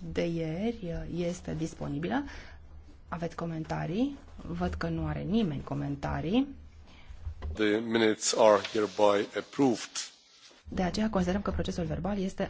de ieri uh, este disponibilă. Aveți comentarii? Văd că nu are nimeni comentarii. The minutes are hereby approved. De aceea considerăm că procesul verbal este